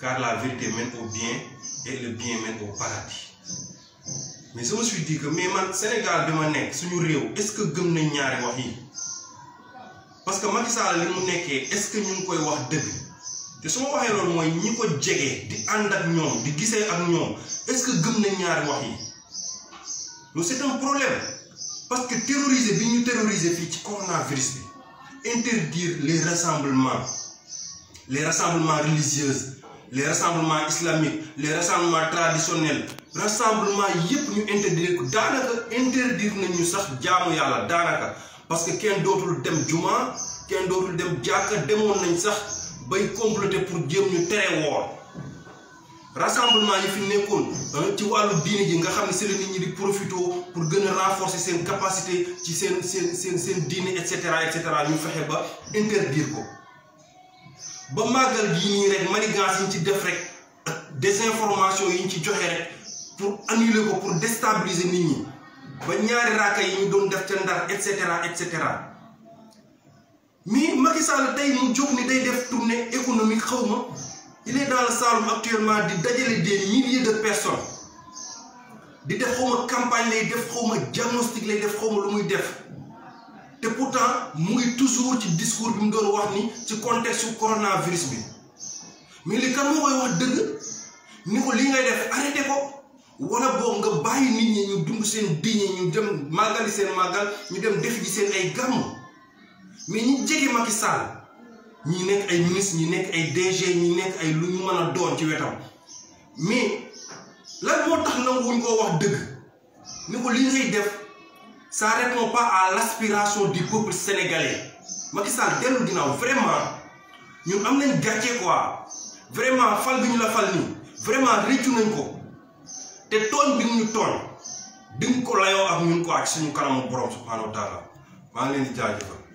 car la vérité mène au bien et le bien mène au paradis mais je me suis dit que mais man Sénégal demande ma est-ce que gëm sommes ñaari wax parce que je me li mu est-ce que nous pouvons koy wax dëgg te si nous sommes loolu nous ñi ko nous di ànd ak di ak est-ce que nous sommes ñaari wax yi c'est un problème parce que terroriser bi terroriser C'est ci coronavirus bi interdire les rassemblements les rassemblements religieux les rassemblements islamiques les rassemblements traditionnels rassemblement yépp ñu interdire ko daanaka interdire nañu sax jaamu yàlla daanaka parce que kenn dootul dem juma kenn dootul dem jàkka demoon nañ sax bay comploter pour jéem ñu tere woor rassemblement yi fi nekkoon euh, ci wàllu diine ji nga xam ne si la ñi di profito pour gën a renforcer seen capacité ci seen seen seen seen diine et cetera et cetera ñu fexe ba interdire ko. ba màggal gii nii rek manigance yi ñu ci def rek ak désinformation yi ñu ci joxe rek pour annuler ko pour déstabiliser nit ñi ba ñaari raaka yi ñu doon def ca ndar et cetera et cetera mais Macky Sall mu jóg ni day def tournée économique xaw ma il est dans le Saloum actuellement di dajale des milliers de personnes di def xaw ma campagne lay def xaw ma diagnostic lay def xaw ma lu muy def. te pourtant mu ngi toujours ci discours bi mu doon wax ni ci contexte coronavirus bi mais li kan moo koy wax dëgg ni ko li ngay def arrêté ko wala boog nga bàyyi nit ñi ñu dund seen diine ñu dem màggali seen màggal ñu dem def ji seen ay gàmm mais ñi jege Macky Sall ñi nekk ay ministre ñi nekk ay DG ñi nekk ay lu ñu mën a doon ci wetam mais lan moo tax nanguwuñ koo wax dëgg ni ko li ngay def. ça répond pas à l'aspiration du peuple sénégalais Macky Sall dellu ginnaaw vraiment ñun am nañ gàcce quoi vraiment fal bi ñu la fal nii vraiment réccu nañ ko te tooñ bi ñu tooñ di nga ko layoo ak ñun ko ak suñu kanamu borom subhanahu wa taala maa ngi leen di jaajëfal